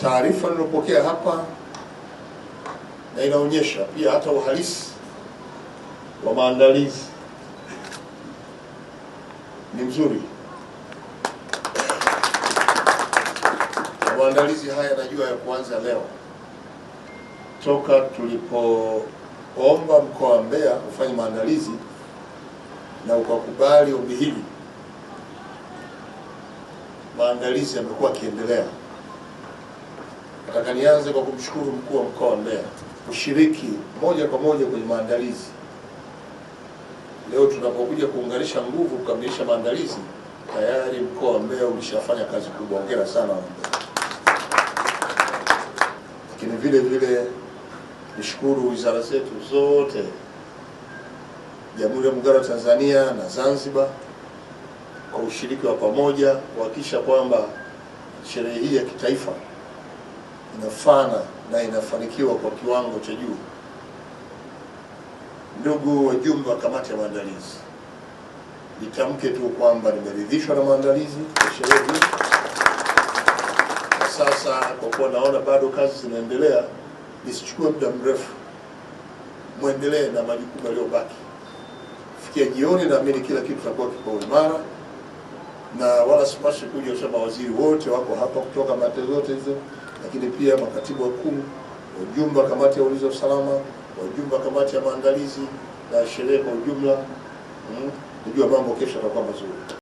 taarifa nilopokea hapa na inaonyesha pia hata uhalisi wa maandalizi ni mzuri. Maandalizi haya najua ya kuanza leo toka tulipoomba mkoa wa Mbeya ufanye maandalizi na ukakubali ombi hili, maandalizi yamekuwa akiendelea Nataka nianze kwa kumshukuru mkuu wa mkoa wa Mbeya kushiriki moja kwa moja kwenye maandalizi. Leo tunapokuja kuunganisha nguvu kukamilisha maandalizi, tayari mkoa wa Mbeya ulishafanya kazi kubwa. Hongera sana wa Mbeya. Lakini vile vile nishukuru wizara zetu zote, Jamhuri ya Muungano wa Tanzania na Zanzibar kwa ushiriki wa pamoja kuhakikisha kwamba sherehe hii ya kitaifa inafana na inafanikiwa kwa kiwango cha juu. Ndugu wajumbe wa kamati ya maandalizi, nitamke tu kwamba nimeridhishwa na maandalizi ya sherehe hii. Sasa kwa kuwa naona bado kazi zinaendelea, nisichukue muda mrefu, mwendelee na majukumu yaliyobaki. Fikia jioni, naamini kila kitu kitakuwa kipo imara na wala sipashi kuja kusema waziri wote wako hapa kutoka mate zote hizo, lakini pia makatibu wakuu, wajumbe wa kamati ya ulinzi wa usalama, wajumbe wa kamati ya maandalizi na sherehe kwa ujumla. Hmm, najua mambo kesho atakuwa mazuri.